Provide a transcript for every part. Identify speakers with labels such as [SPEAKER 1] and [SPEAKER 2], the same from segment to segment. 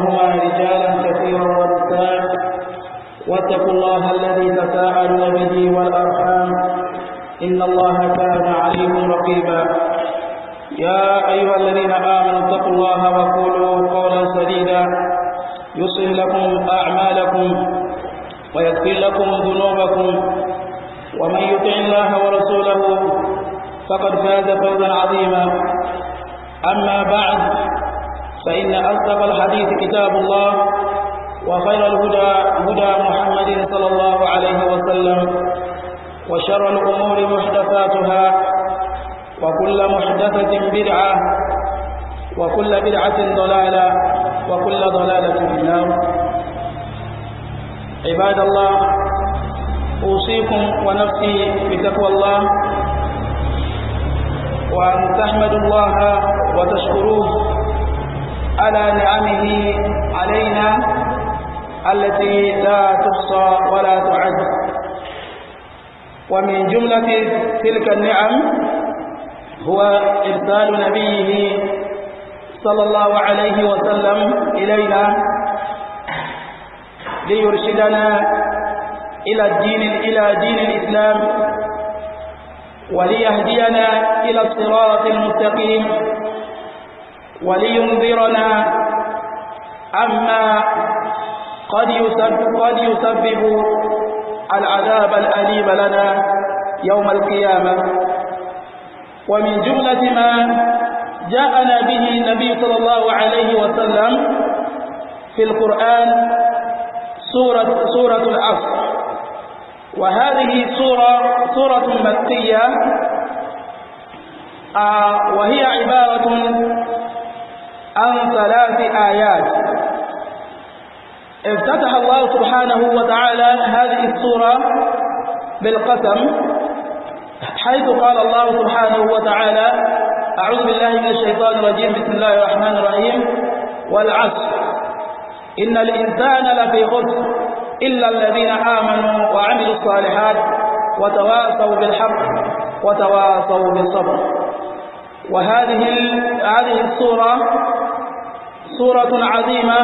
[SPEAKER 1] بينهما رجالا كثيرا ونساء
[SPEAKER 2] واتقوا الله الذي تساءلون به والأرحام إن الله كان عليم رقيبا يا أيها الذين آمنوا اتقوا الله وقولوا قولا سديدا يصلح لكم أعمالكم
[SPEAKER 1] ويغفر لكم ذنوبكم ومن يطع الله ورسوله فقد فاز فوزا عظيما أما بعد فإن أصدق الحديث كتاب الله وخير الهدى هدى محمد صلى الله عليه وسلم وشر الأمور محدثاتها وكل محدثة بدعة
[SPEAKER 2] وكل بدعة ضلالة وكل ضلالة في النار عباد الله أوصيكم ونفسي بتقوى الله وأن تحمدوا الله وتشكروه على نعمه علينا التي لا تحصى ولا تعد ومن جملة تلك النعم هو إرسال نبيه صلى الله عليه وسلم إلينا ليرشدنا
[SPEAKER 1] إلى الدين إلى دين الإسلام
[SPEAKER 2] وليهدينا إلى الصراط المستقيم
[SPEAKER 1] ولينذرنا عما قد يسبب, قد يسبب العذاب الأليم لنا يوم القيامة ومن جملة ما
[SPEAKER 2] جاءنا به النبي صلى الله عليه وسلم في القرآن سورة, سورة
[SPEAKER 1] العصر وهذه سورة, سورة مكية آه، وهي عبارة عن
[SPEAKER 2] ثلاث آيات افتتح الله سبحانه وتعالى هذه السورة بالقسم حيث قال الله سبحانه وتعالى أعوذ بالله من الشيطان الرجيم بسم الله الرحمن الرحيم والعصر إن الإنسان لفي خسر إلا الذين آمنوا وعملوا الصالحات وتواصوا بالحق وتواصوا
[SPEAKER 1] بالصبر وهذه هذه الصورة
[SPEAKER 2] سورة عظيمة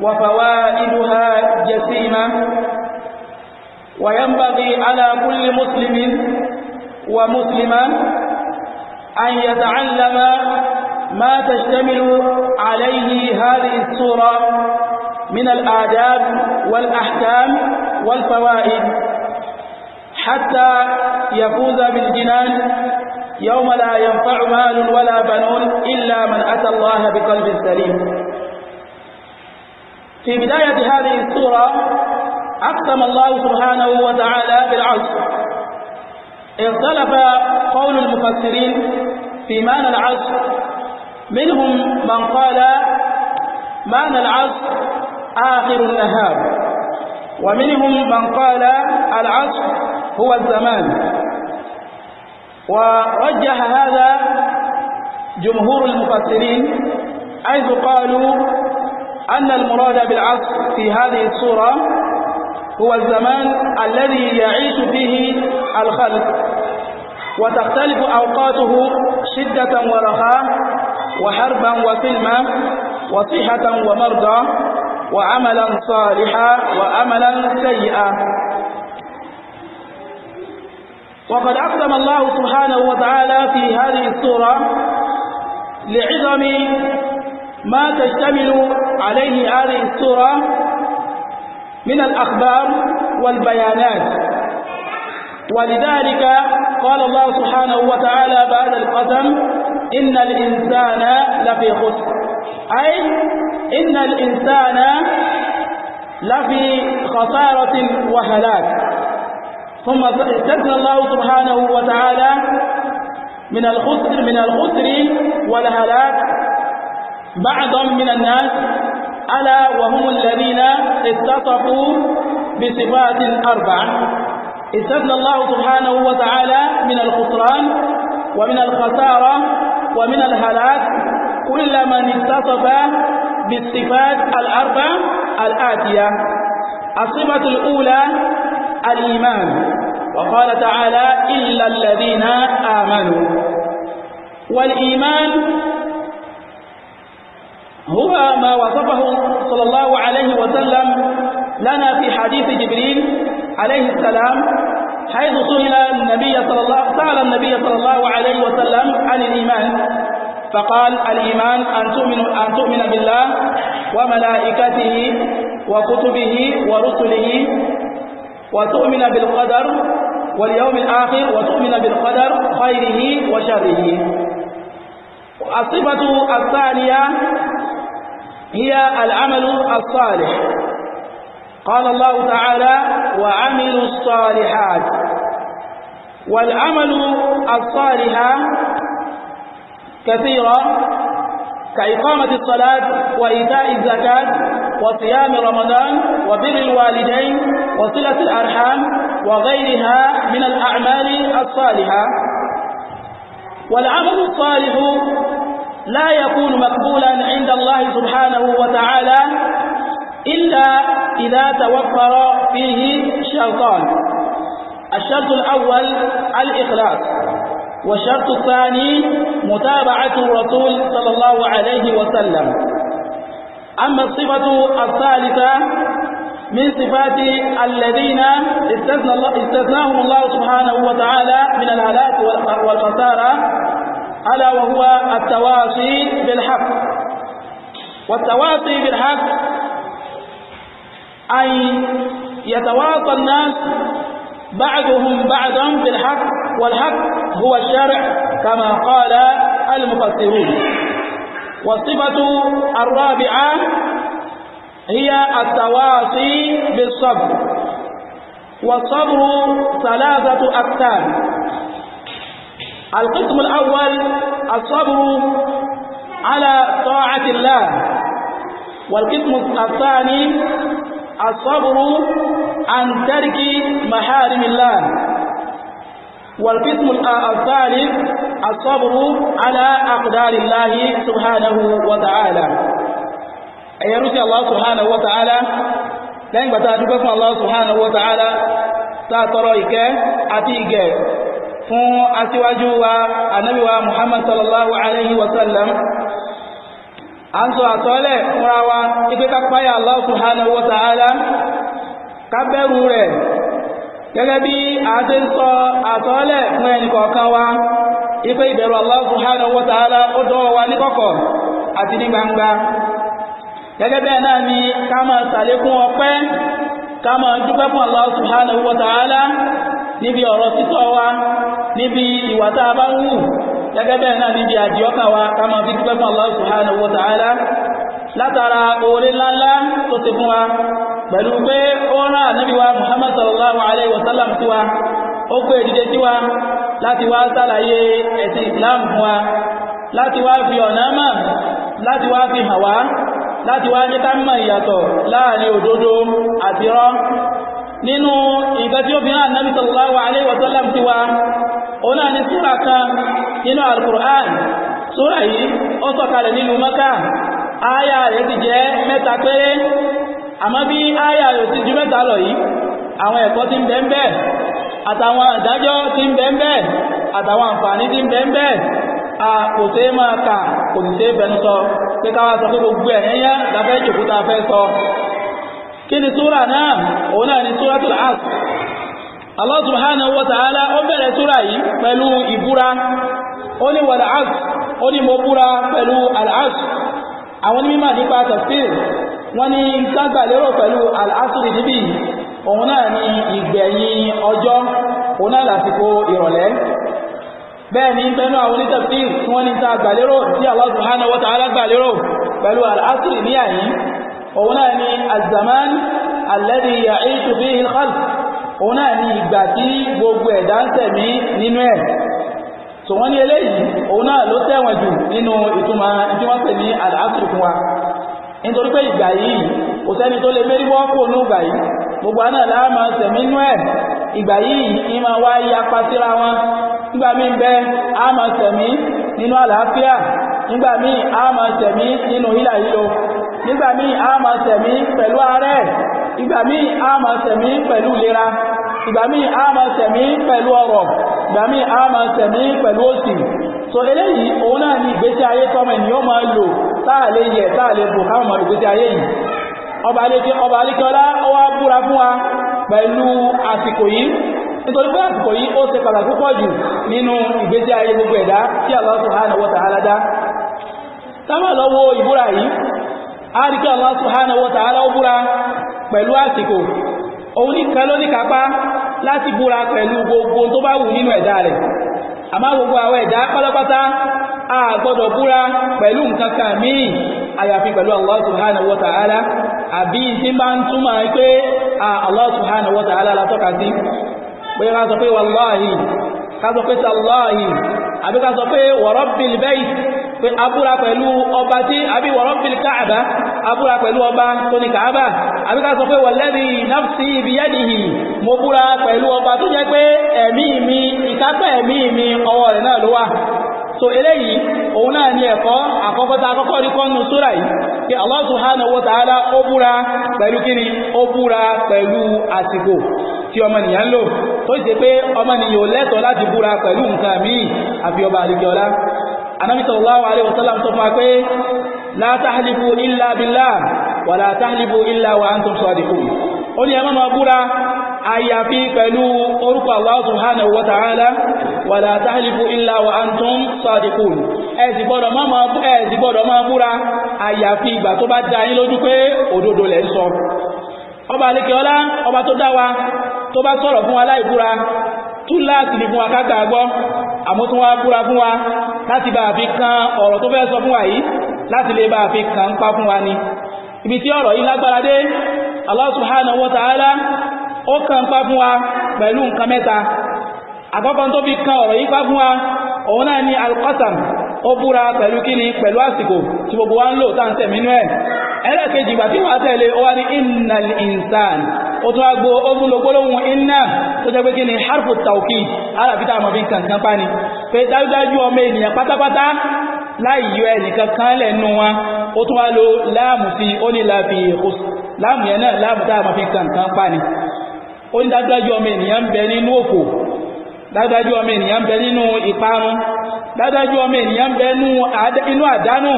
[SPEAKER 2] وفوائدها جسيمة وينبغي على كل مسلم ومسلمة أن يتعلم ما تشتمل عليه هذه السورة من الآداب والأحكام والفوائد حتى يفوز بالجنان يوم لا ينفع مال ولا بنون إلا من أتى الله بقلب سليم في بداية هذه السورة أقسم الله سبحانه وتعالى بالعصر اختلف قول المفسرين في معنى العصر منهم من قال معنى العصر آخر النهار ومنهم من قال العصر هو الزمان ورجح هذا جمهور المفسرين حيث قالوا أن المراد بالعصر في هذه الصورة هو الزمان الذي يعيش فيه الخلق وتختلف أوقاته شدة ورخاء وحربا وسلما وصحة ومرضى وعملا صالحا وعملا سيئا وقد أقسم الله سبحانه وتعالى في هذه السورة لعظم ما تشتمل عليه هذه السورة من الأخبار والبيانات ولذلك قال الله سبحانه وتعالى بعد القسم إن الإنسان لفي خسر أي إن الإنسان لفي خسارة وهلاك ثم استثنى الله سبحانه وتعالى
[SPEAKER 1] من الخسر من الخسر
[SPEAKER 2] والهلاك بعضا من الناس ألا وهم الذين اتصفوا بصفات أربعة استثنى الله سبحانه وتعالى من الخسران ومن الخسارة ومن الهلاك كل من اتصف بالصفات الأربع الآتية الصفة الأولى الإيمان وقال تعالى إلا الذين آمنوا والإيمان هو ما وصفه صلى الله عليه وسلم لنا في حديث جبريل عليه السلام حيث سئل النبي صلى الله سأل النبي صلى الله عليه وسلم عن الإيمان فقال الإيمان أن تؤمن أن تؤمن بالله وملائكته وكتبه ورسله وتؤمن بالقدر واليوم الآخر وتؤمن بالقدر خيره وشره الصفة الثانية هي العمل الصالح قال الله تعالى وعملوا الصالحات والعمل الصالح كثيرا كإقامة الصلاة وإيتاء الزكاة وصيام رمضان وبر الوالدين وصلة الأرحام وغيرها من الأعمال الصالحة والعمل الصالح لا يكون مقبولا عند الله سبحانه وتعالى إلا إذا توفر فيه شرطان الشرط الأول الإخلاص والشرط الثاني متابعة الرسول صلى الله عليه وسلم أما الصفة الثالثة
[SPEAKER 1] من صفات
[SPEAKER 2] الذين استثناهم الله سبحانه وتعالى من الهلاك والخسارة ألا وهو التواصي بالحق والتواصي بالحق أي يتواصى الناس بعضهم بعضا بالحق والحق هو الشرع كما قال المفسرون والصفة الرابعة هي التواصي بالصبر والصبر ثلاثة أقسام القسم الأول الصبر على طاعة الله والقسم الثاني الصبر عن ترك محارم الله والقسم الثالث الصبر على أقدار الله سبحانه وتعالى أي رسي الله سبحانه وتعالى لأن بتاتبكم الله سبحانه وتعالى تاترويك أتيك فون أسواجوا النبي محمد صلى الله عليه وسلم a ń sọ إذا fúnra الله سبحانه وتعالى páyà Allah gẹ́gẹ́ bí a ti ń sọ fún kọ̀ọ̀kan wa ipe ìbẹ̀rù Allah subhanahu ó dọ́wọ́ wa ní àti ní gbangba gẹ́gẹ́ bẹ́ẹ̀ náà ni ká kama ṣàlékún ọpẹ́ ká máa dúpẹ́ fún níbi ọ̀rọ̀ títọ́ wa níbi ìwà tá a bá ń wù gẹ́gẹ́ bẹ́ẹ̀ náà níbi àdìọ́kà wa ká dúpẹ́ fún pẹ̀lú pé ó rán ànábíwá Muhammad sallallahu alaihi wasallam sí wa ó pé ìdíje sí wa láti wá sàlàyé ẹ̀sìn Islam fún wa láti wá fi ọ̀nà mọ̀ láti wá fi hàn wá láti wá ní ká mọ̀ ìyàtọ̀ láàrin òdodo àti rọ́ nínú nǹkan tí ó fi hàn ànábí sallallahu alaihi wasallam sí wa nínú al-Qur'an rẹ̀ ti jẹ́ mẹ́ta péré àmọ́ bí àyà rẹ̀ ti ju mẹ́ta lọ yìí àwọn ẹ̀kọ́ ti ń bẹ ń ti ń bẹ ń ti ń a kò sí máa kà kò sì sí fẹnu sọ pé káwá sọ pé gbogbo ẹ̀ la fẹ́ jòkó tá a fẹ́ sọ kí ni súra náà òun náà ni súratul Asr Allah subhanahu wa ta'ala ó bẹ̀rẹ̀ súra yìí pẹ̀lú ìbúra ó ní wal wọ́n ní gbàgbà lérò pẹ̀lú al-asri níbí òun náà ni ìgbẹ̀yìn ọjọ́ òun náà lásìkò ìrọ̀lẹ́ bẹ́ẹ̀ ni pẹ̀lú àwọn onítafsir tí wọ́n ní ta gbàlérò tí Allah subhanahu wa ta'ala gbàlérò pẹ̀lú al-asri ní àyí òun náà ni az-zaman alladhi ya'ishu fihi al-khalq òun náà ni ìgbà eléyìí òun náà ló tẹ̀wọ̀n jù nínú ìtumọ̀ tí pè ní al nítorí pé ìgbà yìí kò sẹ́ni tó lè mérí wọ́pọ̀ ní ìgbà yìí gbogbo àná láàmà sẹ̀mí inú ẹ̀ ìgbà yìí ní máa wá yí apá síra wọn nígbà míì bẹ́ àmà sẹ̀mí nínú àlàáfíà nígbà míì àmà sẹ̀mí nínú hílà yílo nígbà míì àmà sẹ̀mí pẹ̀lú ààrẹ ìgbà míì àmà sẹ̀mí pẹ̀lú ìlera ìgbà míì àmà sẹ̀mí pẹ̀lú ọrọ̀ ìgbà míì àmà sẹ̀mí pẹ̀lú òṣì so eléyìí òun náà ni ìgbésí ayé tọ́mọ ènìyàn máa lò táàlé yẹ táàlé bò káwọn mọ̀ ìgbésí ayé yìí ọba alékọ́lá ọwá búra fún wa pẹ̀lú àsìkò yìí nítorí pé àsìkò yìí ó ṣe n'inu púpọ̀ jù nínú ìgbésí ayé gbogbo ẹ̀dá tí alada subhanahu wa dá tábà lọ́wọ́ ìbúra yìí a rí kí asiko subhanahu wa ó búra pẹ̀lú àsìkò òun ní gbogbo tó bá wù nínú a gbọ́dọ̀ búra pẹ̀lú nǹkan kan míì àyàfi pẹ̀lú Allah subhanahu wa ta'ala àbí tí bá ń túmọ̀ pé Allah subhanahu wa ta'ala la tọ́ka sí pé ká sọ pé wàláhì ká sọ pé sàláhì àbí ká sọ pé wa rabbil so eléyìí òun náà ni ẹ̀kọ́ àkọ́kọ́ta akọ́kọ́ rí kọ́nù súra yìí kí Allah subhanahu wa ta'ala ó búra pẹ̀lú kíni ó búra pẹ̀lú àsìkò tí ọmọnìyàn lò tó ṣe pé ọmọnìyàn ò láti búra pẹ̀lú nǹkan míì àfi ọba àlejòọlá Ànábì wàlá táhìlìfù illa wa antum sadiqun ẹ̀sì gbọ́dọ̀ máa búra àyàfi ìgbà tó bá dá yín lójú pé òdodo lẹ̀ ń sọ ọba alékeọlá ọba tó dá wa tó bá sọ̀rọ̀ fún wa láì búra túláàsì ní fún wa ká gbàgbọ́ àmọ́ tún wá búra fún wa láti bá àfi kan ọ̀rọ̀ tó fẹ́ sọ fún wa yìí láti lè bá àfi kan ń pa fún wa ni ibi tí ọ̀rọ̀ yìí lágbára dé Allah subhanahu wa ó kan pa fún wa pẹ̀lú nǹkan mẹ́ta àkọ́kọ́ tó fi kan ọ̀rọ̀ yípa fún wa òun náà ni alqasam ó búra pẹ̀lú kíni pẹ̀lú àsìkò tí gbogbo wa ń lò tá ń tẹ̀mí inú ẹ̀ ẹlẹ́ẹ̀kejì ìgbà tí wọ́n tẹ̀lé ó wá ní innal insan ó tún wá gbó ó tún lo gbólóhùn inna tó jẹ́ pé kíni harfu tawkid alábítà àmọ́ fi kàn kan pani pé dájúdájú ọmọ ènìyàn pátápátá láì yọ ẹnìkan kan lẹ́nu wọn ó tún wá lo láàmù sí ó ní láàfi ìhùs láàmù dájúdájú ọmọ ènìyàn bẹ nínú òfò dájájú ọmọ ènìyàn bẹ nínú ìparun dájájú ọmọ ènìyàn bẹ inú àdánù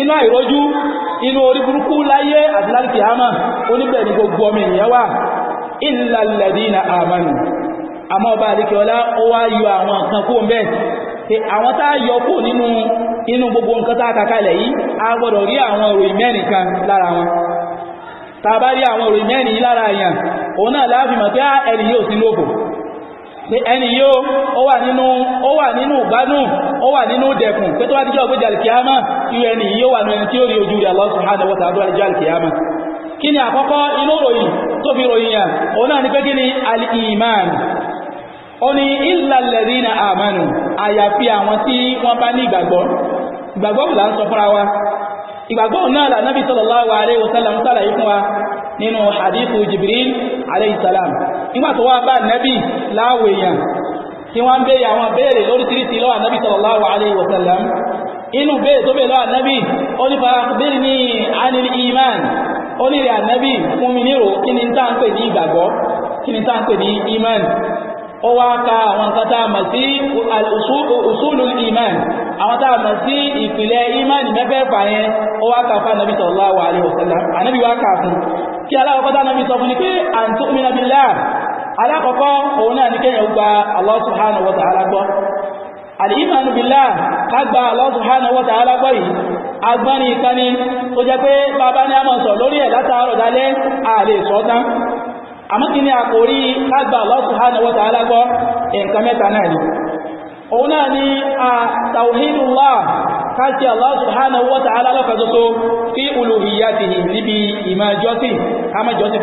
[SPEAKER 2] inú àìrójú inú orí burúkú láyé àti láti àmà oníbẹ̀ ní gbogbo ọmọ ènìyàn wà illa alladina amanu àmọ́ ọba àríkẹ́ọlá ó wá yọ àwọn nǹkan kó ń bẹ́ pé àwọn tá a yọ kó nínú inú gbogbo nǹkan tá a kàkalẹ̀ yìí a gbọ́dọ̀ rí àwọn òròyìn mẹ́rin kan lára wọn tá rí àwọn òròyìn mẹ́rin lára èèyàn òun náà láàfin mọ̀ pé ah, ẹni yóò sí lóògùn pé ẹni yóò ó wà nínú ó wà nínú ìgbádùn ó wà nínú dẹ̀kùn pé tó wá díjọ́ ọgbẹ́jà alkiyama irú ẹni yóò wà nínú tí ó rí ojú rẹ̀ Allah subhanahu wa ta'ala díjọ́ alkiyama kí ni àkọ́kọ́ inú ròyìn tó fi ròyìn yà òun náà ni pé kí ni al-iman ó ní illa alladhina amanu wa ìgbàgbọ́ náà fún wa nínú hadithu Jibril alaihi nígbà tó wá bá nẹ́bì láwọ̀ èèyàn tí wọ́n ń béèrè àwọn béèrè lóríṣiríṣi lọ́wọ́ nẹ́bì sallallahu alaihi wasallam inú béèrè tó béèrè lọ́wọ́ nẹ́bì ó ní fara béèrè ní anil iman ó ní rẹ̀ ànẹ́bì fún mi nírò kí ni tá à ń pè ní ìgbàgbọ́ kí ni tá à ń pè ní iman ó wá ka àwọn nǹkan tá a mọ̀ sí usulul iman àwọn tá a mọ̀ sí ìpìlẹ̀ iman mẹ́fẹ̀ẹ̀fà yẹn ó wá ka fún alákọ̀ọ́kọ́ òun náà ní gba Allah subhanahu wa ta'ala gbọ́ al-imanu ká gba Allah subhanahu wa ta'ala gbọ́ yìí ìkaní tó jẹ́ pé bàbá ní àmọ́ sọ lórí ẹ̀ látàárọ̀ dálẹ́ ààrẹ sọ́tán àmọ́ kí gba ni a Allah subhanahu wa ta'ala lọ́kà tó tó fi uluhiyyatihi níbi ìmọ̀ jọ́sìn ká má jọ́sìn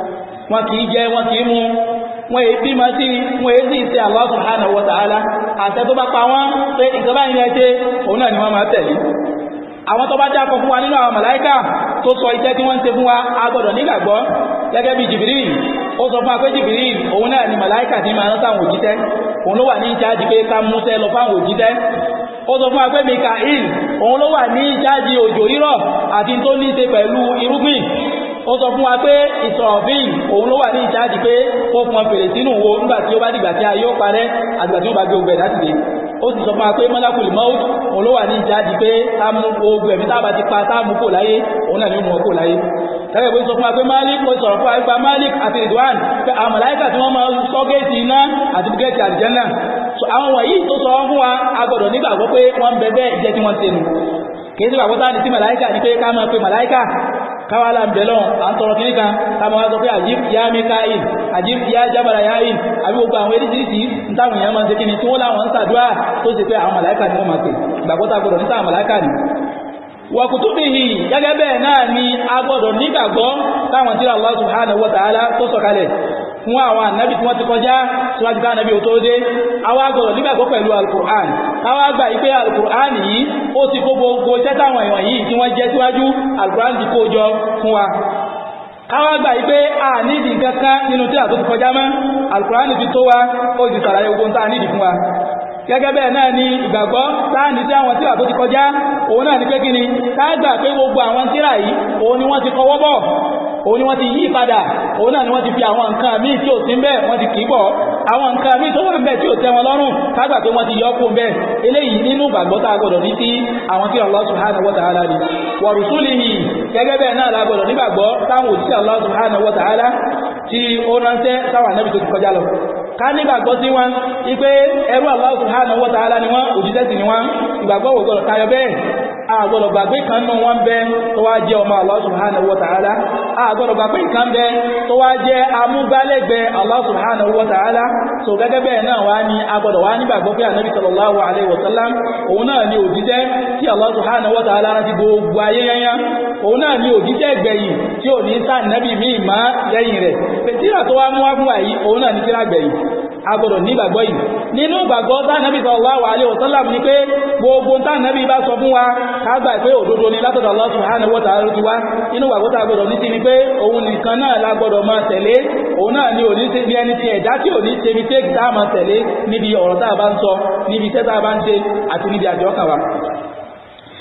[SPEAKER 2] wọn kì í jẹ wọn kì í mu wọn èyí bímọ sí wọn èyí sì ṣe Allah subhanahu wa ta'ala àṣẹ tó bá pa wọn pé ìjọba yìí ṣe òun náà ni wọn máa tẹ̀lé àwọn tó bá dákọ̀ fún wa nínú àwọn màláíkà tó sọ iṣẹ́ tí wọ́n ń ṣe fún wa a gbọ́dọ̀ nígbàgbọ́ gẹ́gẹ́ bí Jibril ó sọ fún akéjìbìrì òun náà ni màláìkà ní máa rántà àwọn òjíṣẹ́ òun ló wà ní ìjáàjì pé ká múṣẹ́ lọ fáwọn òjíṣẹ́ ó sọ fún akéjìbìrì òun ló wà ní ìjáàjì òjò rírọ̀ àti tó ní ṣe pẹ̀lú irúgbìn ó sọ fún wa pé ìsọ̀rọ̀fíì òun ló wà ní ìjáde pé ó pọn fèrè sínú wo nígbà tí ó bá dìgbà tí a yóò parẹ́ àgbà tí ó bá gbé ogun ẹ̀dá dìde ó sì sọ fún wa pé mọ́lákùlì mọ́ òun ló wà ní ìjáde pé táàmù ogun ẹ̀mí táàbà ti pa táàmù kò láyé òun náà ni ó mú ọkọ̀ láyé tẹ́lẹ̀ pé sọ fún wa pé malik ó sọ̀rọ̀ fún wa pé malik àti ridwan pé àwọn màláíkà tí wọ́n máa ń sọ géètì iná àti géètì àlìjẹ́nà àwọn wọ̀nyí tó sọ fún wa a gbọ́dọ̀ nígbàgbọ́ pé wọ́n ń bẹ bẹ́ẹ̀ ìjẹ́ tí wọ́n ti nù kì í sí pàpọ́tà ní sí màláíkà ní pé ká máa pe màláíkà Kawala mbelo, àtọrọ kìí kan tamo wá sọ pé àjíf ya mikael àjíf ya jabara yael àbí gbogbo àwọn eréjìrìsì ń táwọn èèyàn máa ń ṣe kí ni tí wọ́n láwọn ń sàdúrà tó ṣe pé àwọn màláìkà ni wọ́n máa ṣe ìgbàgbọ́ta gbọdọ̀ ní sáà màláìkà ni wàkùtùbìhì gẹ́gẹ́ bẹ́ẹ̀ náà ni a gbọ́dọ̀ nígbàgbọ́ táwọn tí Allah subhanahu wa ta'ala tó sọ̀kalẹ̀ fún àwọn ànábì tí wọ́n ti kọjá síwájú ká ànábì tó dé àwọn agbọ̀rọ̀ nígbàgbọ́ pẹ̀lú alukur'an káwá gbà yí pé alukur'an yìí ó ti kó gbogbo iṣẹ́ táwọn èèyàn yìí tí wọ́n jẹ́ síwájú alukur'an ti kó jọ fún wa káwá gbà yí pé a nídìí kankan nínú tí àtúntò kọjá mọ́ alukur'an ti tó wa ó ti sàlàyé gbogbo tá a nídìí fún wa gẹ́gẹ́ bẹ́ẹ̀ náà ni ìgbàgbọ́ láàrin tí àwọn tíra tó ti kọjá òun náà ni pé kí ni ká pé gbogbo àwọn tíra yìí òun ni wọ́n ti kọwọ́ bọ̀ òun ni wọ́n ti yí padà òun náà ni wọ́n ti fi àwọn nǹkan mí tí ò sí bẹ́ẹ̀ wọ́n ti kì í bọ̀ àwọn nǹkan mí tó wà bẹ́ẹ̀ tí ò tẹ́ wọn lọ́rùn kágbà pé wọ́n ti yọ kó eléyìí nínú ìgbàgbọ́ tá a gbọ́dọ̀ ní àwọn tí ni gẹ́gẹ́ bẹ́ẹ̀ náà la gbọ́dọ̀ nígbàgbọ́ táwọn ti ká nígbàgbọ́ sí wọn ipé ẹrú Allah subhanahu ni wọ́n ni wọ́n ìgbàgbọ́ tayọ bẹ́ẹ̀ àgbọ̀dọ̀ gbàgbé kan náà wọ́n bẹ tó wá jẹ́ ọmọ Allah subhanahu wa ta'ala àgbọ̀dọ̀ gbàgbé kan bẹ tó wá jẹ́ amúgbálẹ́gbẹ̀ẹ́ Allah subhanahu wa ta'ala so gẹ́gẹ́ bẹ́ẹ̀ náà wá ní agbọ̀dọ̀ wá nígbàgbọ́ pé ànábì sallallahu agbọ́dọ̀ nígbàgbọ́ yìí nínú ìgbàgbọ́ tánàbí sallallahu alaihi wasallam ní pé gbogbo tánàbí bá sọ fún wa kágbà pé òdodo ni látọ̀dọ̀ Allah subhanahu wa ta'ala ti wá inú ìgbàgbọ́ tá gbọ́dọ̀ ní ti ni pé òun la gbọ́dọ̀ máa tẹ̀lé òun ni mi a máa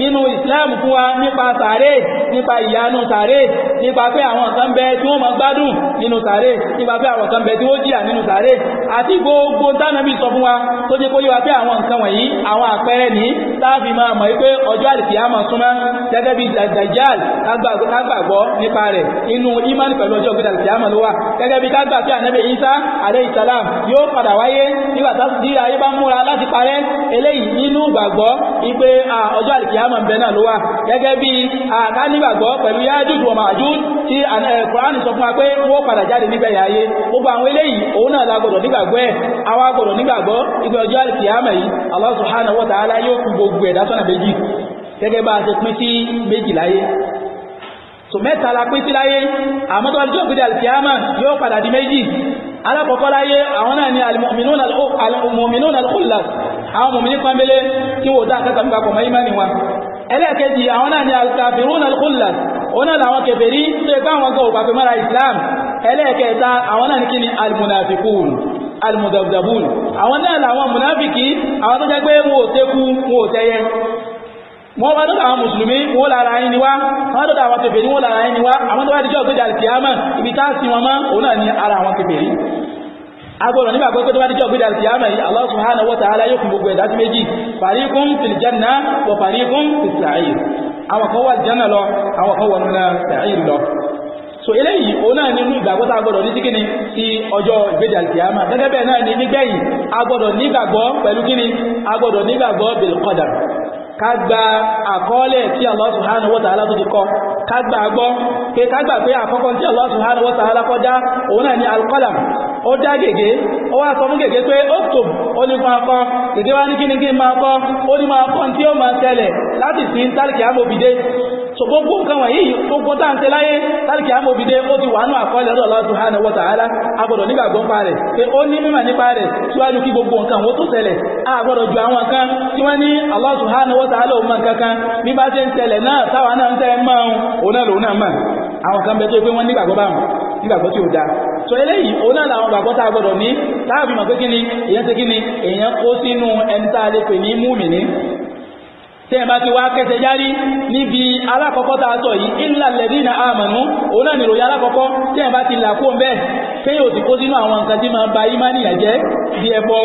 [SPEAKER 2] nínú islam fún wa nípa sàárè nípa ìyanu sàárè nípa pé àwọn kan bẹ tí wọ́n máa gbádùn nínú sàárè nípa pé àwọn kan bẹ tí wọ́n jìyà nínú sàárè àti gbogbo tánàbí sọ fún wa tó jẹ́ kó yíwa pé àwọn nǹkan wọ̀nyí àwọn àpẹẹrẹ ní láàfin máa mọ̀ wípé ọjọ́ àlìkìyámà súnmọ́ gẹ́gẹ́ bí dajjal lágbàgbọ́ nípa rẹ̀ inú imani pẹ̀lú ọjọ́ gbé àlìkìyámà ló wà gẹ́gẹ́ bí dágbà tí ànábì Isa alayhi salam yóò padà wáyé nígbà tá sí ayé bá múra láti parẹ́ eléyìí nínú gbàgbọ́ wípé ọjọ́ àlìkìyámà ń bẹ náà ló wà gẹ́gẹ́ bí àkánígbàgbọ́ pẹ̀lú Yájúj wa Májúj tí Kùránì sọ fún wa pé wọ́n padà jáde nígbẹ̀yà ayé gbogbo àwọn eléyìí òun náà la ibi ọjọ́ alìkìyàmẹ̀ yìí Allah subhanahu wa ta'ala yóò fi gbogbo ẹ̀dá sọ́nà méjì gẹ́gẹ́ bá a ṣe pín sí méjì láyé so mẹ́ta la pín sí láyé àmọ́ tó bá ti jọ́ yóò padà di méjì alákọ̀ọ́kọ́ láyé àwọn náà ni àwọn náà làwọn mùnáfìkì àwọn tó jẹ́ pé wọn ò tẹ́kú wọn ò tẹ́yẹ wọ́n bá dọ́dọ̀ àwọn mùsùlùmí wọ́n lára ẹni wá wọ́n dọ́dọ̀ àwọn kèfèrí wọ́n lára ẹni wá àwọn tó bá dìjọ́ ògbéjà kìámà ibi tá sí wọn mọ́ òun náà ní ara àwọn kèfèrí agbọ́dọ̀ nígbà pé tó bá dìjọ́ ògbéjà kìámà yìí Allah subhanahu wa ta'ala yóò kún gbogbo ẹ̀dá méjì fariqun fil janna wa fariqun àwọn kan wà janna lọ àwọn kan wà nínú sa'ir lọ so eléyìí òun náà nínú ìgbàgbọ́ tá a gbọ́dọ̀ ní sí kíni sí ọjọ́ ìgbéjà ìkìyàmà gẹ́gẹ́ bẹ́ẹ̀ náà ní nígbẹ̀yìn a gbọ́dọ̀ nígbàgbọ́ pẹ̀lú kíni a gbọ́dọ̀ nígbàgbọ́ bil qadar ká gba àkọọ́lẹ̀ tí Allah subhanahu ti kọ ká gba gbọ́ pé ká gbà pé àkọ́kọ́ tí dá òun náà ni al ó dá gègé ó wá sọ fún gègé pé ó tò ó ní gègé wá ní kí kí so gbogbo nǹkan yi gbogbo tá ntela ń ṣe láyé láìkí àmóbìdé ó ti wà nù àkọọ́lẹ̀ lọ́dọ̀ Allah subhanahu wa ta'ala agbọ́dọ̀ nígbàgbọ́ nípa rẹ̀ pé ó ní mímọ̀ nípa rẹ̀ síwájú kí gbogbo nǹkan wọ́n tó agbọ́dọ̀ ju àwọn kan tí wọ́n ní wa ta'ala ò mọ̀ kankan bí bá ṣe ń ṣẹlẹ̀ náà táwa náà ń tẹ́ mọ́ òun náà lòun náà mọ̀ àwọn kan bẹ tó so eléyìí òun náà làwọn gbàgbọ́ a gbọ́dọ̀ ní táàbì mọ̀ pé kí ni èèyàn ṣe kí ni èèyàn kó sínú ẹni tá a lè pè ní múmi ní tẹ́ẹ̀má ti wá kẹsẹ̀ járí níbi alákọ̀ọ́kọ́ tàà sọ yìí illa na amanu òun náà nìròyìn alákọ̀ọ́kọ́ tẹ́ẹ̀má ti làkó bẹ́ẹ̀ kéyò ti kó sínú àwọn nǹkan tí ma ba ìmánì jẹ́ bí ẹbọ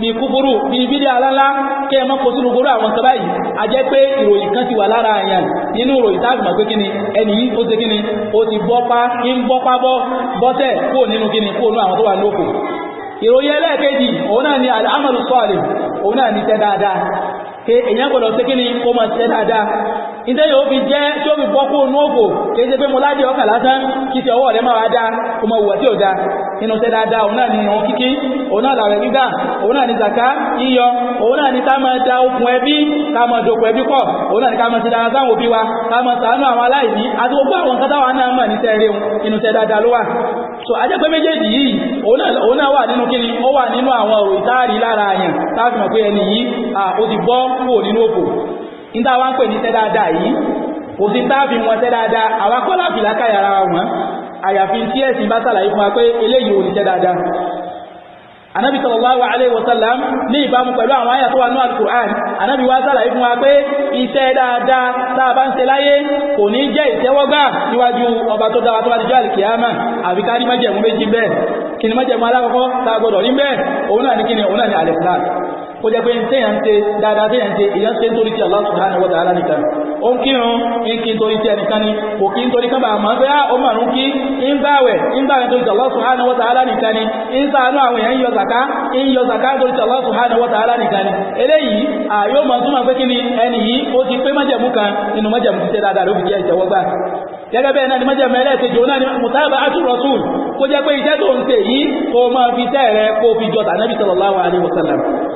[SPEAKER 2] bí kúfúrú bí bídí alálá kẹ́ẹ̀má kó sínú gbóró àwọn nǹkan báyìí a jẹ́ pé ìròyìn kan ti wà lára àyàn nínú ìròyìn táàbù mọ̀ pé kíni ẹni yìí ó ṣe kíni ó ti bọ́pá ń bọ́pá bọ́ bọ́tẹ̀ kó nínú kíni kó nínú àwọn tó wà lóko ìròyìn ẹlẹ́ẹ̀kejì òun náà ni al-amalu salih òun náà ni tẹ́ dáadáa èyàn gbọ́dọ̀ sí kí ni kó máa ṣiṣẹ́ dáadáa ìtẹ́ yóò fi jẹ́ tí ó fi bọ́kú nóòkò kìí ṣe pé mo lájẹ́ ọkà lásán kí ti ọwọ́ rẹ̀ máa dá kó máa wùwà tí ò dá nínú ṣe dáadáa òun náà ni ìrun kíkí òun náà làwẹ̀ gbígbà òun náà ni zaka yíyọ òun náà ni ká máa da okùn ẹbí ká máa dòkùn ẹbí pọ̀ òun náà ni ká máa ti dára sáwọn òbí wa ká máa ṣàánú àwọn aláìní àti gbogbo àwọn kátàwá náà mọ̀ ní tẹ́ẹ̀rẹ́ nínú ṣe dáadáa ló wà so ajẹ́pẹ́ méjèèjì yìí òun náà wà nínú kíni ó wà nínú àwọn ọrụ ìtaàrí lára àyàn láti mọ̀ pé ẹni yìí ó ti bọ́ kúrò nínú òkò níta wá ń pè ní tẹ́dáadáa yìí kò sí táàfin wọn tẹ́dáadáa àwọn akọ́lá fìlà wọn àyàfi tí ẹ̀sìn bá sàlàyé fún wa pé eléyìí anabi sallallahu alayhi wa sallam ní ìbámu pẹ̀lú àwọn àyà tó wà ní alukur'an anabi wa sàlàyé fún wa pé iṣẹ́ dáadáa tá a bá ń ṣe láyé kò ní jẹ́ ìtẹ́wọ́gbà níwájú ọba tó dára tó bá ti jẹ́ àlìkìyàmà àbí ká ní májẹ̀mú méjì bẹ́ẹ̀ kí ni májẹ̀mú alákọ̀ọ́kọ́ tá a gbọ́dọ̀ bẹ́ẹ̀ òun náà ní kí ó ń ntorite ń kí n torí tí ẹnìkan ni kò kí n torí kábà àmọ́ pé ah, á ó màrún kí ń báwẹ̀ ń báwẹ̀ torí Allah subhanahu wa ta'ala ni ń ṣàánú àwọn èèyàn yọ zàká ń yọ zàká torí Allah subhanahu wa ta'ala ni eléyìí àyó mọ̀ túmọ̀ pé kí ni ẹni yìí ó ti pé májẹ̀mú kan nínú májẹ̀mú ti tẹ́ dáadáa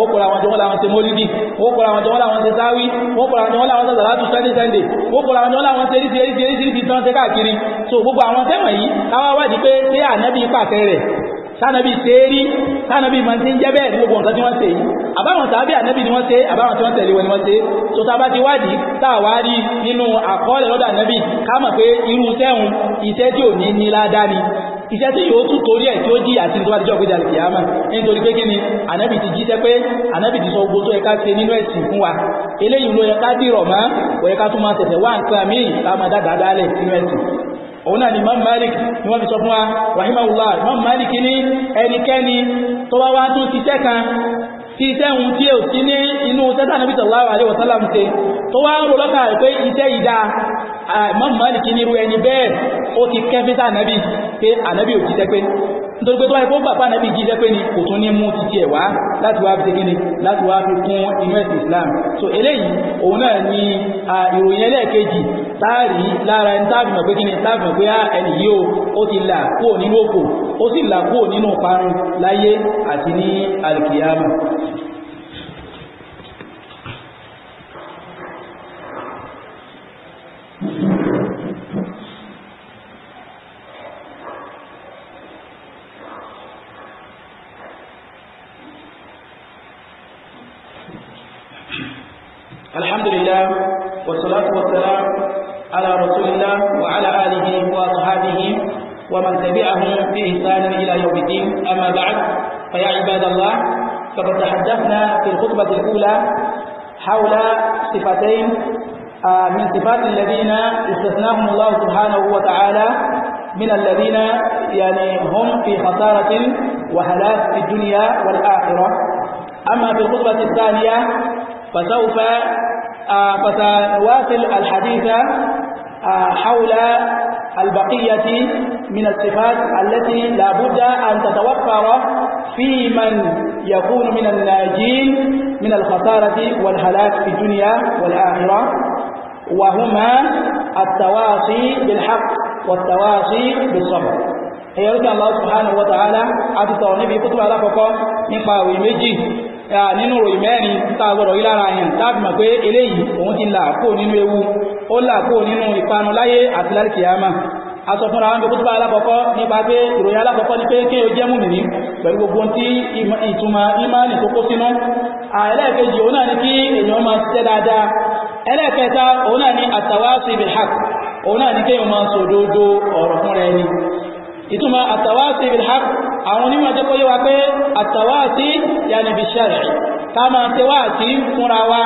[SPEAKER 2] ó kóra àwọn jọmọ́lá àwọn ṣe mólídì ó kóra àwọn jọmọ́lá àwọn ṣe sáwí ó kóra àwọn jọmọ́lá àwọn ṣe sàlátù sunday sunday ó kóra àwọn jọmọ́lá àwọn ṣe eréṣi eréṣi eréṣi ibi tán ṣe káàkiri so gbogbo àwọn tẹ́wọ̀n yìí káwá wádìí pé ṣé ànábì pàṣẹ rẹ̀ sanabi seeri sanabi mọ̀tí ń jẹ́ bẹ́ẹ̀ ní gbogbo nǹkan tí wọ́n ṣe yìí àbáwọn tàbí ànábì ni wọ́n ṣe àbáwọn tí wọ́n tẹ̀lé wọn ni wọ́n ṣe tó tá a bá ti wádìí tá a wá rí nínú àkọọ́lẹ̀ lọ́dọ̀ ànábì ká mọ̀ pé irú sẹ́hun iṣẹ́ tí ò ní ní ládàá ni iṣẹ́ tí yóò tún torí ẹ̀ tí ó jí àti nítorí àdíjọ́ gbéjà kìyàmà nítorí pé kí ni ànábì ti jíṣẹ́ ànábì ti sọ gbogbo tó yẹ ṣe nínú ẹ̀sìn fún wa eléyìí ló yẹ dìrọ̀ mọ́ ó tún máa tẹ̀tẹ̀ wá nǹkan míì dáadáa dálẹ̀ nínú ẹ̀sìn òun náà ni Imam Malik ni wọ́n wa rahimahullah Imam Malik ẹnikẹ́ni tó bá wá tún ṣiṣẹ́ kan tí iṣẹ́ òun tí ò sí ní inú sẹ́tà tó wá ń lọ́kà Ah, Imam Malik nírú ẹni bẹ́ẹ̀ ó ti kẹfíta ànábì pé ànábì ò jíṣẹ́ pé nítorí pé tó wáyé kó bàbá ànábì jíṣẹ́ pé ni kò tún ní mú títí ẹ̀ láti wá fi kún inú ẹ̀sìn Islam so eléyìí òun náà ni ìròyìn ẹlẹ́ẹ̀kejì táàrí lára ẹni táàbì mọ̀ pé kíni táàbì فقد تحدثنا في الخطبة الأولى حول صفتين آه، من صفات الذين استثناهم الله سبحانه وتعالى من الذين يعني هم في خسارة وهلاك في الدنيا
[SPEAKER 1] والآخرة أما في الخطبة الثانية فسوف آه، فسنواصل الحديث آه، حول
[SPEAKER 2] البقية من الصفات التي لا بد أن تتوفر في من يكون من الناجين من الخسارة والهلاك في الدنيا والآخرة وهما التواصي بالحق والتواصي بالصبر هي رضي الله سبحانه وتعالى àti sọ̀rọ̀ níbi kútù من nípa òwe méjì nínú òwe mẹ́rin tá a gbọ́dọ̀ rí lára yẹn láti mọ̀ pé eléyìí òun ti là kó nínú ewu ó là kó nínú ìpanu láyé àti lálẹ́ kìámà a sọ wọn bí kútù alákọ̀ọ́kọ́ nípa pé ìròyìn alákọ̀ọ́kọ́ ni pé kéèyàn jẹ́ mùmìnì pẹ̀lú gbogbo tí ìtumọ̀ ìmáàni tó kó sínú ẹlẹ́ẹ̀kejì òun náà ni kí èèyàn máa ṣiṣẹ́ dáadáa ẹlẹ́ẹ̀kẹta òun náà ni àtàwásí bil haqq òun náà ni kéèyàn máa sòdodo ọ̀rọ̀ fún rẹ ni ìtumọ̀ àtàwásí bil haqq àwọn onímọ̀ jẹ́ kó yé pé àtàwásí yàní bi shar'i ká máa ṣe wáàsí fúnra wa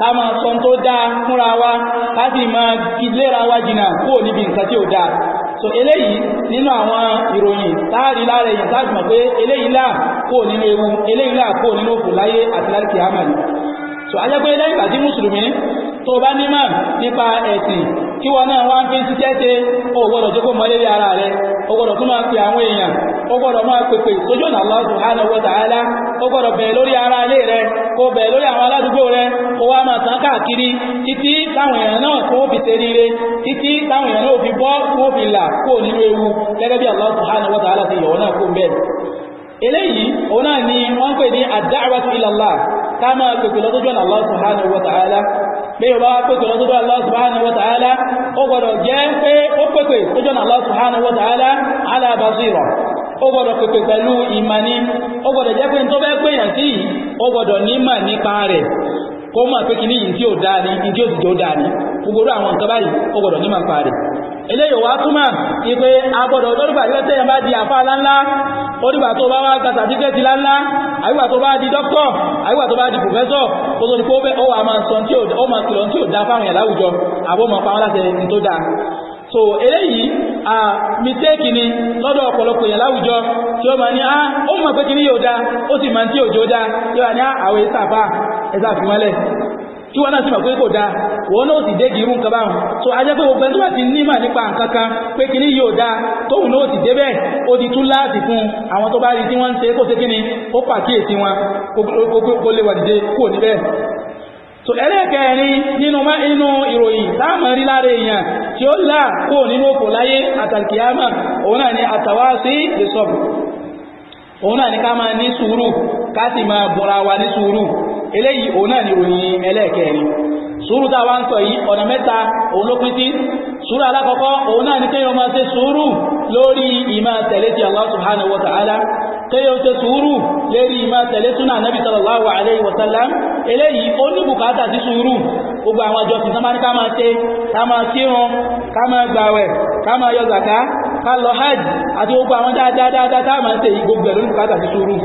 [SPEAKER 2] ká máa sọ tó dáa fúnra wa ká sì máa fi wa jìnnà kúrò níbi nǹkan tí ò dáa so eléyìí nínú àwọn ìròyìn táàrí lára èyí táàrí mọ̀ pé eléyìí láà kó nínú ewu eléyìí láà kó nínú òkú láyé àti láti àmàlì so ajẹ́ pé lẹ́yìn ìgbà tí mùsùlùmí tó bá nímọ̀ nípa ẹ̀sìn tí wọn náà wá ń fi ṣiṣẹ́ ṣe ó gbọ́dọ̀ tó kó mọ́lẹ́rí ara rẹ̀ ó gbọ́dọ̀ tó máa pe àwọn èèyàn ó gbọ́dọ̀ máa pèpè sójú ọ̀nà Allah subhanahu wa ta'ala ó gbọ́dọ̀ bẹ̀rẹ̀ lórí ara ilé rẹ̀ kó bẹ̀rẹ̀ lórí àwọn aládùúgbò rẹ̀ ó wá máa káàkiri títí táwọn èèyàn náà fi fi bọ́ fi là kó ewu gẹ́gẹ́ bí Allah ti náà kó eléyìí òun náà ni wọ́n pè ní ad ká máa pèpè pé ọba wa pèpè lọ sọ́dọ̀ Allah subhanahu wa ta'ala ó gbọ́dọ̀ jẹ́ pé ó pèpè sọ́jọ́ ala abazịrọ ó gbọ́dọ̀ pèpè pẹ̀lú ìmání ó gbọ́dọ̀ jẹ́ pé tó bẹ́ pèèyàn sí ó gbọ́dọ̀ nímà nípa rẹ̀ kó mọ̀ pé kìíní yìí tí ó dáa eléyìí wá túmọ̀ ìpè agbọ́dọ̀ lórígbà tí lẹ́tẹ̀yàn bá di àfa láńlá orígbà tó bá wá ga sàtífíkẹ́tì láńlá àyíwà tó bá di dókítọ̀ àyíwà tó bá di pòfẹ́sọ̀ kó tó ní kó bẹ́ ọwọ́ àmà sọ tí ó máa kìlọ̀ tí ó da fáwọn èèyàn láwùjọ àbọ̀mọ̀ fáwọn láti ẹni tó dáa so eléyìí a mistake ni lọ́dọ̀ ọ̀pọ̀lọpọ̀ èèyàn láwùjọ tí ó máa ní á ah, ó mọ̀ pé kí ní yóò dáa ó sì máa ń tí òjò dáa yóò ní ah, àwọn ìsàfà ẹ̀sàfimọ́lẹ̀ tí wọ́n náà sì mọ̀ pé kò dáa wọ́n náà ti dégi irú nǹkan báhùn so a jẹ́ tó bá ti nímọ̀ nípa nǹkan kan pé yóò dáa náà ti débẹ̀ ó tún fún àwọn tó bá rí tí wọ́n ń ṣe kó ó pàkíyèsí wọn kó lè wà dìde níbẹ̀ nínú inú ìròyìn rí èèyàn tí ó là nínú òkò láyé àtàkìyàmà òun náà ni sí ìsọ̀bù òun eléyìí òun náà ni ìròyìn ẹlẹ́ẹ̀kẹrin sùúrù tá a wá ń sọ yìí ọ̀nà mẹ́ta òun ló pín sí sùúrù alákọ̀ọ́kọ́ òun náà ni kéèyàn máa ṣe sùúrù lórí ìmá tẹ̀lé ti Allah subhanahu wa ta'ala kéèyàn ṣe sùúrù lérí ìmá tẹ̀lé súnà nabi sallallahu alayhi wa sallam eléyìí ó ní bùkátà sí sùúrù gbogbo àwọn àjọ tuntun máa ní ká máa ṣe ká máa kírun ká máa gbàwẹ̀ ká máa yọ zàká ká lọ hajj àti gbogbo àwọn dáadáa dáadáa tá máa ń ṣe yìí gbogbo ẹ̀ lórí bùkátà sí sùúrù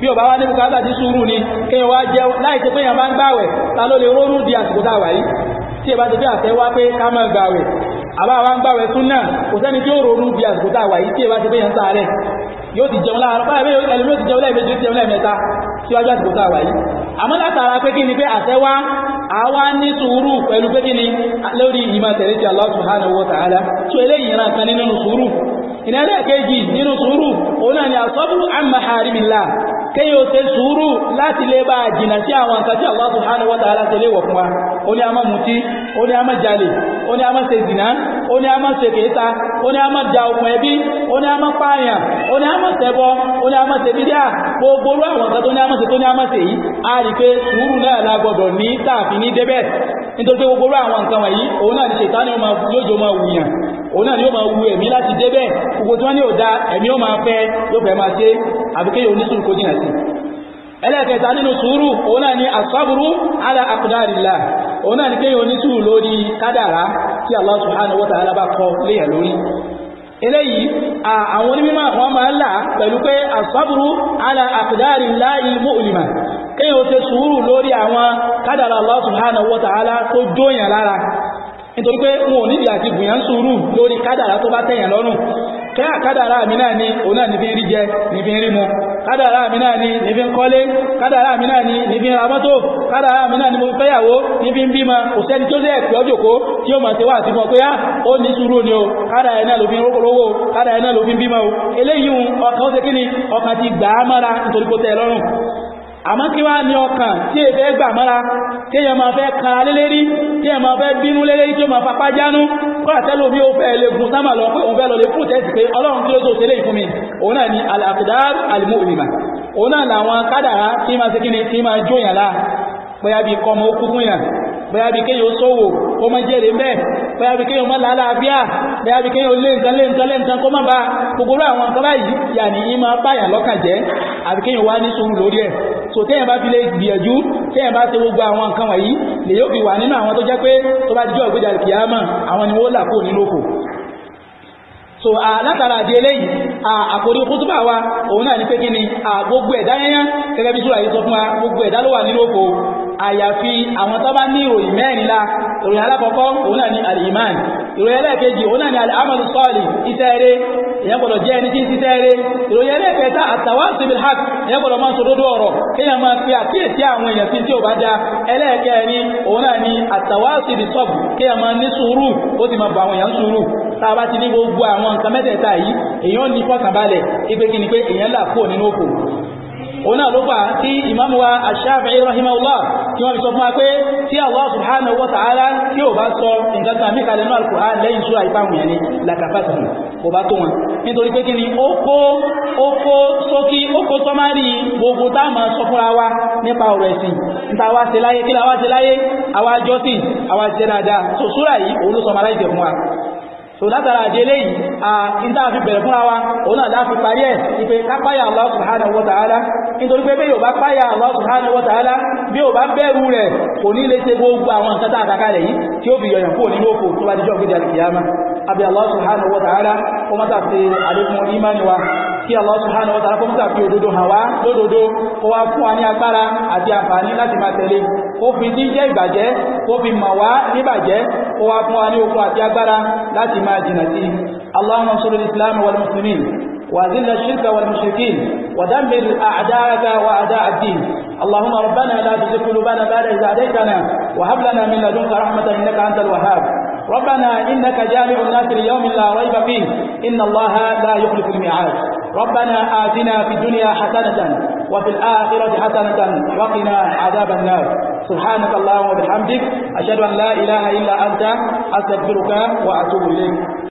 [SPEAKER 2] bí ọba wá ní bùkátà sí sùúrù ni kéèyàn wá jẹun láì ṣe pé èèyàn bá ń gbàwẹ̀ ta ló lè rónú di àsìkò tá a wà yìí tí ẹ bá ti fi àtẹ wá pé ká máa gbàwẹ̀ àbá wa ń gbàwẹ̀ súnà kò sẹ́ni tí ó rónú di àsìkò tá a wà yìí tí ẹ bá ti fi yàn sáré yóò ti jẹun láàárọ̀ báyìí ẹlòmíràn ti jẹun lẹ́ẹ̀mejì nínú sùúrù òun náà ni àsọ́bù àmà harimillah kéyìn ó ṣe sùúrù láti lè bá jìnà sí àwọn nǹkan tí Allah subhanahu wa ta'ala ṣe léèwọ̀ fún wa ó ní a má mutí ó ní a má jalè ó ní a má se zìnà ó ní a ó ní a ja okùn ẹbí ó ní a má pààyàn ó ní a má ṣẹbọ ó ní a má se bídíà gbogbo orú àwọn nǹkan tó ní a má ṣe tó ní a má ṣe yìí a rí pé sùúrù náà la gbọdọ̀ ní tààfin ní débẹ̀ nítorí gbogbo òun náà ni ó máa wu ẹ̀mí láti débẹ̀ gbogbo tí wọ́n ní òdá ẹ̀mí ó máa fẹ́ yóò fẹ́ máa ṣe àbíké yóò ní sùúrù kó jìnà sí ẹlẹ́ẹ̀kẹta nínú sùúrù òun náà ni àsábùrú ala àkùdárìlá òun náà ni pé yóò ní sùúrù lórí kádàrá tí Allah subhanahu wa ta'ala bá kọ léyà lórí eléyìí àwọn onímọ̀ wọn máa nítorí pé wọn ò níbi àti gbìyàn sùúrù lórí kádàrá tó bá tẹ̀yàn lọ́rùn kadara kádàrá mi náà ni òun náà níbi rí jẹ níbi rí mu kádàrá mi náà ni níbi kọ́lé kádàrá mi náà ni níbi ra mọ́tò kádàrá mi náà ni mo fẹ́yàwó níbi bímọ kò sẹ́ni tó dẹ̀ tí ó mọ̀ sí wà o kádàrá náà ló fi náà ló o eléyìí ọkàn ó kí ni ọkàn ti gbà á kéèyàn máa fẹ́ kara lélẹ́rí kéèyàn máa fẹ́ bínú lélẹ́rí tí ó máa fapá jánú kọ́lá tẹ́lò bí ó fẹ́ lè gun sámà lọ pé òun fẹ́ lọ lè fún tẹ́sì pé ọlọ́run kí ló tó tẹ́lẹ̀ fún mi òun náà ni al-aqdar al-mu'lima òun náà làwọn kádàrá tí máa ṣe kí ni tí máa jóyàn láà pé àbí kọmọ ó kú fún yàn bẹ́ẹ̀ bí kéyàn sówò kó má jèrè mẹ́ bẹ́ẹ̀ bí kéyàn má lálàáfíà bẹ́ẹ̀ bí kéyàn lé nǹkan lé nǹkan lé nǹkan kó má ba gbogbo àwọn nǹkan báyìí yà ní í máa báyà lọ́kàn jẹ́ àbí kéyàn wá ní so téèyàn bá fi lè gbìyànjú téèyàn bá ṣe gbogbo àwọn nǹkan wọ̀nyí lè yóò fi wà nínú àwọn tó jẹ́ pé tó bá dijọ́ ìgbéjà kìámà àwọn ni wọ́n là kúrò so ah, látara àdí a ah, àkòrí kútùbà wa òun náà ní pé kí ni ah, gbogbo ẹ̀dá yẹnyán gẹ́gẹ́ bí súra yìí sọ fún wa gbogbo ẹ̀dá ló wà nínú oko àyàfi àwọn tó bá ní ìròyìn mẹ́rin la ìròyìn alákọ̀ọ́kọ́ òun náà ní al-iman ìròyìn ẹlẹ́ẹ̀kejì òun náà ní al-amalu salih iṣẹ́ eré èyàn gbọ́dọ̀ jẹ́ ẹni tí ń ṣiṣẹ́ eré ìròyìn ẹlẹ́ẹ̀kẹta at-tawasi bil haqq èyàn gbọ́dọ̀ máa ń sòdodo ọ̀rọ̀ kéèyàn máa fi àkíyèsí àwọn èèyàn sí tí ò bá dáa ẹlẹ́ẹ̀kẹrin òun náà ní at-tawasi bis sabr kéèyàn máa ní sùúrù ó sì máa bá àwọn èèyàn sùúrù tàbá ti ní gbogbo àwọn nǹkan mẹ́tẹ̀ẹ̀ta yìí èèyàn ní fọ́kànbalẹ̀ ipé kí ni pé èèyàn là kúrò nínú òkú òun náà ló fà tí ìmáàmù wa Ash-Shafi'i rahimahullah tí wọ́n fi sọ fún wa pé tí Allah subhanahu wa ta'ala tí ò bá sọ nǹkan kan mí kalẹ̀ náà Al-Qur'an lẹ́yìn sura ìbáhùn yẹn ni làkàfàtà kò bá tó wọn nítorí pé kí ni ó kó ó kó sókí ó sọmárì gbogbo táàmà sọ fúnra wa nípa ọ̀rọ̀ ẹ̀sìn níta wá ṣe láyé kí la wá ṣe láyé àwa jọ́sìn àwa ṣe dáadáa so yìí òun ló sọmárì so látara àjẹ́lé yìí a ìta fi bẹ̀rẹ̀ fúnra wa òun náà láti parí ẹ̀ ìpe kápáyà Allah subhanahu wa ta'ala nítorí pé bí yóò bá páyà Allah subhanahu wa ta'ala bí yóò bá bẹ̀rù rẹ̀ kò ní lè ṣe gbogbo àwọn nǹkan tàà kàkàlẹ̀ yìí tí ó fi Allah subhanahu wa ta'ala kó mọ́ta sí àlékún Allah subhanahu wa ta'ala kó mọ́ta fi òdodo hàn wá lódodo kó wá fún wa ní agbára àti àǹfààní láti máa tẹ̀lé kó fi ní jẹ́ ó wá fún wa ní okun àti agbára láti máa jìnà sí Allahumma ansur al-islam wal muslimin وأذل الشرك والمشركين ودمر أعداءك وأعداء الدين اللهم ربنا لا تزغ قلوبنا بعد إذ هديتنا وهب لنا من لدنك رحمة إنك أنت الوهاب ربنا إنك جامع الناس ليوم لا ريب فيه إن الله لا يخلف الميعاد ربنا آتنا في الدنيا حسنة وفي الآخرة حسنة وقنا عذاب النار سبحانك اللهم وبحمدك أشهد أن لا إله إلا أنت أستغفرك وأتوب إليك